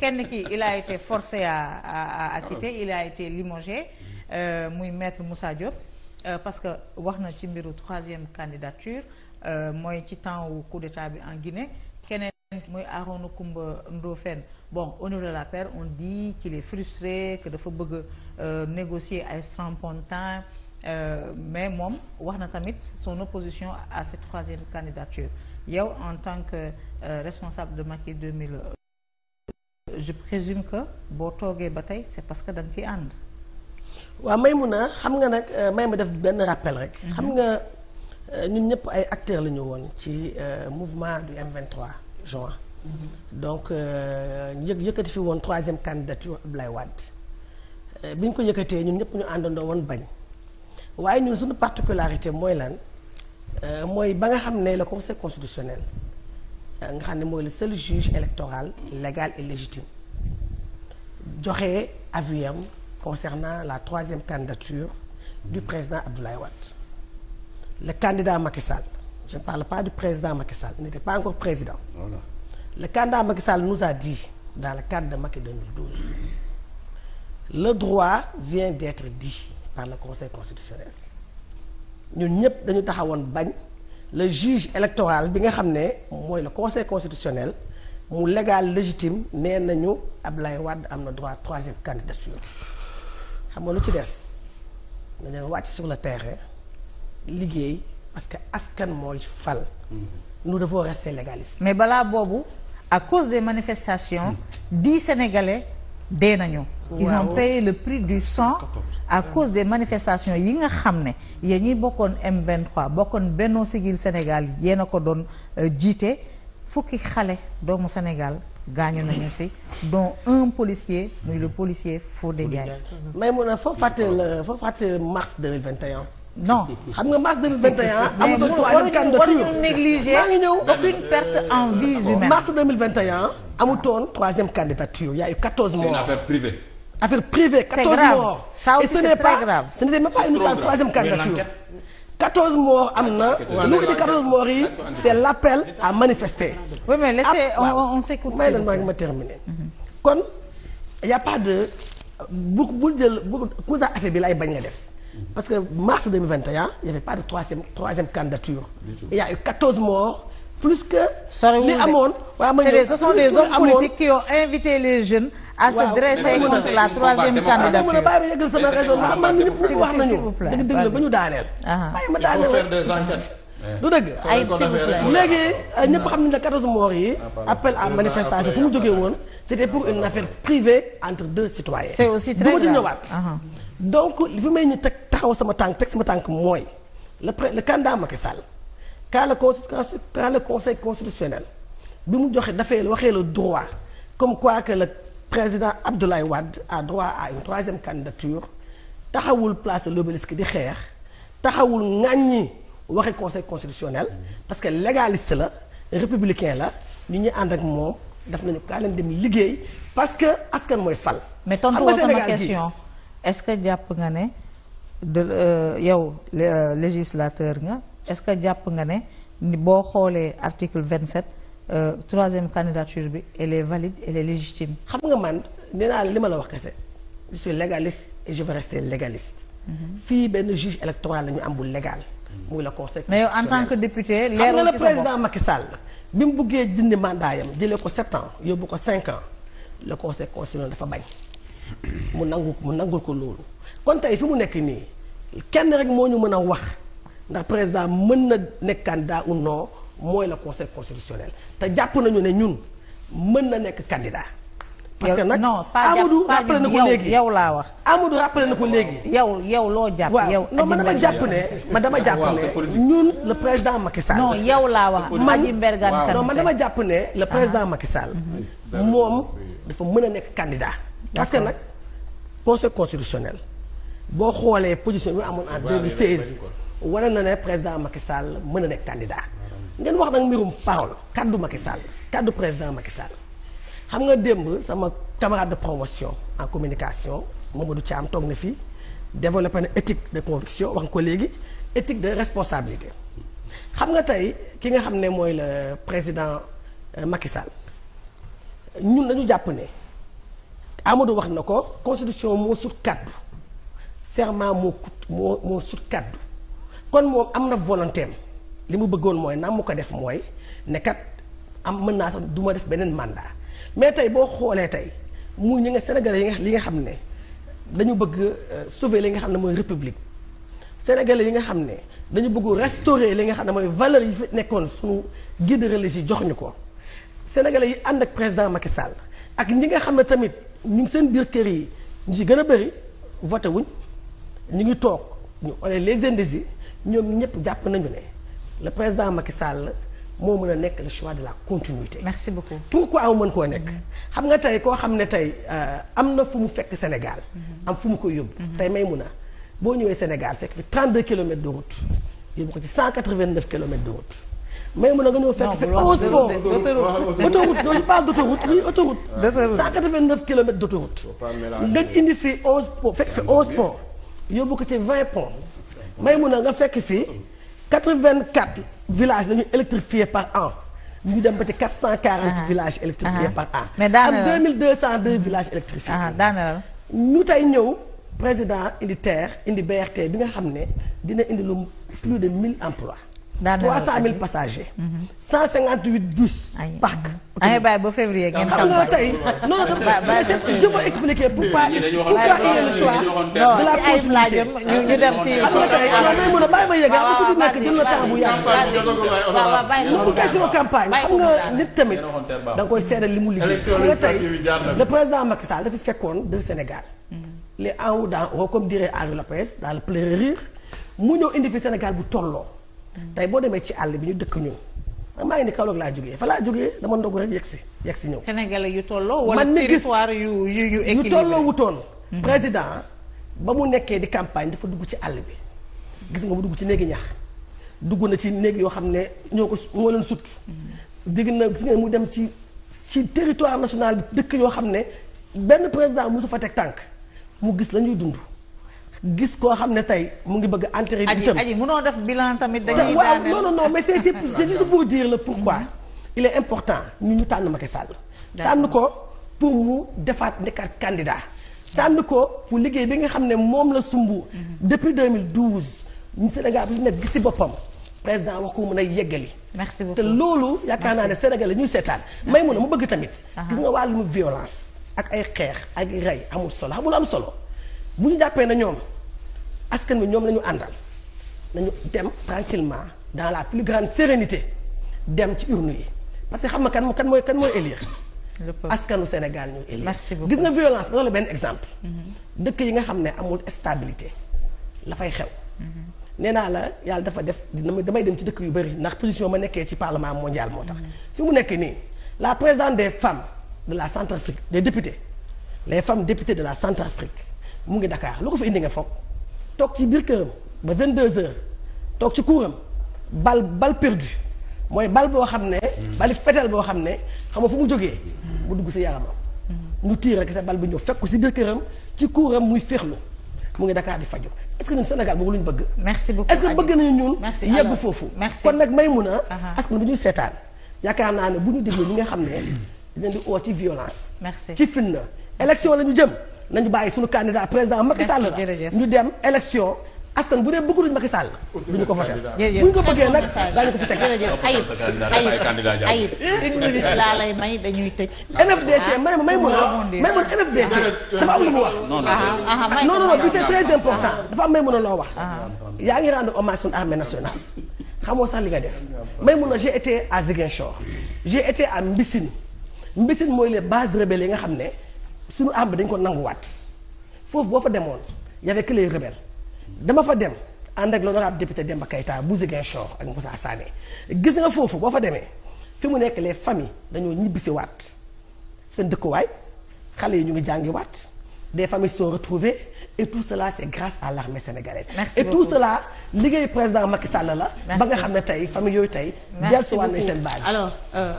kenn ki il a été forcé à à il a été limogé euh, muy maître Moussa euh, parce que wax na ci mbiru troisième candidature euh, mooy ci temps wu coup d'état bi en Guinée keneen mooy Arona Koumba Ndofène bon au niveau de la paire on dit qu'il est frustré que dafa bëgg a négocier ay strapontin Euh, mais moom wax na tamit son opposition à cette troisième candidature yow en tant que euh, responsable de Macky 2000 je présume que boo toogee ba tey c'est parce que da nga ciy ànd. waaw may mun a xam nga nag euh, may ma def benn rappel rek. Mhm. xam nga euh, ñun ñëpp ay acteur la ñu woon ci euh, mouvement du M23 juin. Mhm. donc yëg yëkkati fi woon troisième candidature Abdoulaye Wade bi ñu ko yëkkatee ñun ñëpp ñu àndandoo woon bañ waaye ñun suñu particularité mooy lan mooy ba nga xam ne le conseil constitutionnel. nga xam ne mooy le seul juge électoral légal et légitime joxe avis am concernant la troisième candidature du président Abdoulaye Wade le candidat Macky Sall je ne parle pas du président Macky Sall il n'était pas encore président voilà. le candidat Macky Sall nous a dit dans le cadre de Macky le droit vient d'être di par le Conseil constitutionnel ñun ñëpp dañu taxawoon bañ le juge électoral bi nga xam ne mooy le conseil constitutionnel mu légal légitime nee nañu Ablaye Wade am na droit troisième candidature xam nga lu ci des na leen wàcc sur le terrain liggéey parce que askan mooy fal. Mm-hmm. nous devons rester légalistes. mais balaa boobu à cause des manifestations dix sénégalais dee nañu. ils ont le prix du sang. à cause des manifestation yi nga xam ne yéen ñi bokkoon M23 bokkoon Benno Siggil Sénégal yéen a ko doon euh, jiite fukki xale doomu Sénégal gaañu nañu si dont un policier muy le policier Fodé Ndiaye. may mun a foo fàttali la foo fàttali mars 2021. non xam nga mars 2021. amatul troisième candidature mais waruñu négliger en vies humaines. mars 2021 amutoon troisième candidature y a eu 14 morts. c'est une affaire affaire privée. 14 morts ça aussi c'est très grave et ce n'est pas ce n'était même troisième candidature 14 morts am na. lu ko di 14 morts yi c'est l'appel à manifester. oui mais laissez ah, may ma terminer. kon y pas de bu bul jël bu cousa affaire bi lay bañ nga def. parce que mars 2021 il y avait pas de troisième troisième candidature. il eu 14 morts. plus que. li amoon waaw ma ce sont des hommes politiques qui ont invité les jeunes. à se dresser la troisième candidature mën a bàyyi ma yeggal sama raison ma man ñëpp wax nañu dëgg dëgg la ba ñu daaneel bàyyi ma daaneel faire des enquêtes dëgg léegi euh, ñëpp xam ne ne quatorze morts yi ah, appel à manifestation fu mu jógee woon c'était pour une affaire privée entre deux citoyens c'est aussi très grave du ma may ñu teg taxaw sama tànk teg sama tànk mooy le pré le candidat Macky Sall quand le quand le conseil constitutionnel bi mu joxe dafay waxee la droit comme quoi que le président Abdoulaye Wade à droit à une troisième candidature taxawul place de l'obélisque di xeex taxawul ŋàññi waxe conseil constitutionnel parce que légaliste la républicain la nit ñuy ànd ak moom daf nañu kaa leen dem liggéey parce que askan mooy fal. mais tontu woo sama question est-ce que jàpp nga ne de euh, yow euh, législateur nga est-ce que jàpp nga ne boo xoolee article 27. Euh, troisième candidature bi elle est valide elle est légitime. xam nga man nee naa li ma la wax kese je suis légaliste et je vais mhm. fii benn juge électoral la ñu am bu légal. muy la conseil mais yow en tant que député. leerul ci sa président Macky Sall bi mu buggee dindi mandat yam jëlee ko 7 ans yóbbu ko 5 ans le conseil constitutionnel dafa bañ mu nangu mu nangul ko loolu kon tey fi mu nekk nii kenn rek moo ñu mën a wax ndax président mën na nekk candidat ou non. mooy la conseil constitutionnel te jàpp nañu ne ñun mën na nekk candidat. parce nag Amadou rappelé na ko léegi yow laa wax. Amadou rappelé na ko léegi. yow yow loo jàpp yow. non man dama jàpp ne man dama jàpp ñun le président Macky Sall. yow laa wax Aji Mbergane man man dama jàpp ne ah. président Macky Sall. Mhm. moom dafa mën a nekk candidat. parce que nag conseil constitutionnel boo xoolee position bi amoon en 2016 wane na ne président Macky Sall mën a nekk candidat. ngeen wax nag mbirum parole kàddu Macky Sall kaddu président Macky Sall xam nga démb sama camarade de promotion en communication moom du Thiam toog na fi développé na éthique de conviction wax nga ko léegi éthique de responsabilité xam nga tey ki nga xam ne mooy la président euh, Macky Sall ñun dañu jàpp ne Amadou wax na ko constitution moo sut kaddu serment moo kut moo moo sut kaddu kon moom am na volonté li mu bëggoon mooy na mu ko def mooy ne kat am mën naa sax du ma def beneen mandat mais tey boo xoolee tey mu ñu nga sénégalais yi nga li nga xam ne dañu bëgg euh, sauver li nga xam ne mooy république sénégalais yi nga xam ne dañu bëgg restaurer li nga xam ne mooy valeur yi fi nekkoon suñu guide religieux jox ñu ko sénégale yi ànd ak président Macky Sall ak ñi nga xam ne tamit ñu ngi seen biir kër yi ñu si gën a bëri voté wuñ ñu ngi toog ñu on est les indécis ñoom ñëpp jàpp nañu ne. le président Macky Sall moo mën a nekk le choix de la continuité. merci beaucoup pourquoi mu mën koo nekk. xam nga tey koo xam ne tey euh, am na fu mu fekk Sénégal. Mhm. am fu mu ko yóbbu. Mhm. tey may mun a boo ñëwee Sénégal fekk fi de route yóbbu ko ci 189 kilomètres de route. may mun a nga ñëw fekk fekk onze pont autoroute non fi onze pont yóbbu ko ci 20 pont may mun a nga fekk fii. 84 villages la ñu électrifié par an ñu dem ba ci cent 440 ah. village électrifiés ah. par an. mais daanaka am 2202 villages électrifiés. Ah, daanaka ñu tey ñëw président indi TER indi BRT bi nga xam ne dina indi lu plus de 1000 emplois. trois cent mille passagers. xam nga tey non non je veux expliquer pourquoi pourquoi il y nekk jël na temps bu yàgg noonu question campagne xam nga nit tamit da koy seedal li mu liggéey xam nga tey le président Macky Sall dafi fekkoon de Sénégal mm. les en haut dans comme dirait Ari Lopez dans le pleurer rire mu ñëw indi fi Sénégal bu tolloo tey boo demee ci àll bi ñu dëkk ñun maa ngi ni Kaolack laa jógee fa laa jógee dama ndog rek si yegg si ñëw. Sénégalais yu tolloo wala territoire yu yu yu tolloo wutoon. Mhm. président ba mu nekkee di campagne dafa dugg ci àll bi gis nga mu dugg ci néegi ñax dugg na ci néeg yoo xam ne ñoo ko moo leen sut. Mhm. dégg na gis nga mu dem ci ci territoire national bi dëkk yoo xam ne benn président mosu fa teg tànk mu gis la ñuy dund. gis koo xam ne tey mu ngi bëgg enterrer nitam aji aji mënoo def bilan tamit. dañuy waaw non non non mais c'est c'est juste pour dire le pourquoi. Mm-hmm. il important ñu ñu tànn Macky Sall. tànn ko pour mu defaat nekkaat candidat. tànn ko pour liggéey bi nga xam ne moom la sumb. Mm-hmm. depuis 2012. ñu Sénégal lu nekk gis ci boppam président wax ko mën a yeggali. merci beaucoup loolu yaakaar naa ne Sénégal la ñuy seetaan. may mun a mu bëgg tamit. gis nga wàllum violence. ak ay xeex ak rey amul solo amul am solo. bu ñu jàppee na ñoom askan bi ñoom la ñu àndal nañu dem tranquillement dans la plus grande sérénité dem ci urne yi parce que xam nga kan kan mooy kan mooy élire. askanu Sénégal ñuy élire. gis nga violence ba la benn exemple. Mhm. dëkk yi nga xam ne amul stabilité la fay xew. Mhm. nee naa la yàlla dafa def damay dem ci dëkk yu bëri ndax position ma nekkee ci parlement mondial moo tax. Mhm. fi mu nekk nii la présidente des femmes de la Centrafrique des députés les femmes député de la Centrafrique. mu ngi dakaar loo ko fa indi nga foog toog ci biir këram ba deux h toog ci kuuram bal bal perdu mooy bal boo xam ne. bali fetal boo xam ne xam nga fu mu jógee. mu dugg si yaramam. ñu tiir rek sa bal bi ñëw fekk si biir këram ci kuuram muy féexlu mu ngi Dakar di faju est-ce que ñun Sénégal boobu lu ñu bëgg. merci beaucoup est-ce que bëgg nañu ñun. yeggu foofu. kon nag may mun a. askan bi ñuy seetaan yaakaar naa ne bu ñu dégloo ñi nga xam ne dinañ di oo ci violence. merci ci fitna élection ñu jëm. nañu bàyyi suñu candidat président Macky Sall la ñu dem élection askan bu dee bëgguñu Macky Sall bu ko voté bu ko bëggee nag daañu ko MFDC ah. may ma may mën a may MFDC dafa am lu mu wax non non ah, ah, non c'est très important dafa am may mën a loo wax yaa ngi rendre hommage suñu armée nationale xamoo sax li nga def may mën a j'ai été à Ziguinchor j'ai été à Mbissine Mbissine mooy les bases rebelles nga xam ne suñu àmb dañ ko nanguwaat foofu boo fa demoon y avait que les dama fa dem ànd ak l'honorable député Demba Keita bu Ziguinchor ak Moussa Sané gis nga foofu boo fa demee fi mu nekk les familles dañoo ñibbisi waat seen dëkkuwaay xale yi ñu ngi jàngi waat des familles sont retrouvées et tout cela c'est grâce à l'armée sénégalaise merci et beaucoup. tout cela liggéey président Macky Sall la ba nga xam ne tey famille yooyu tey dellusiwaat nañ seen base alors euh,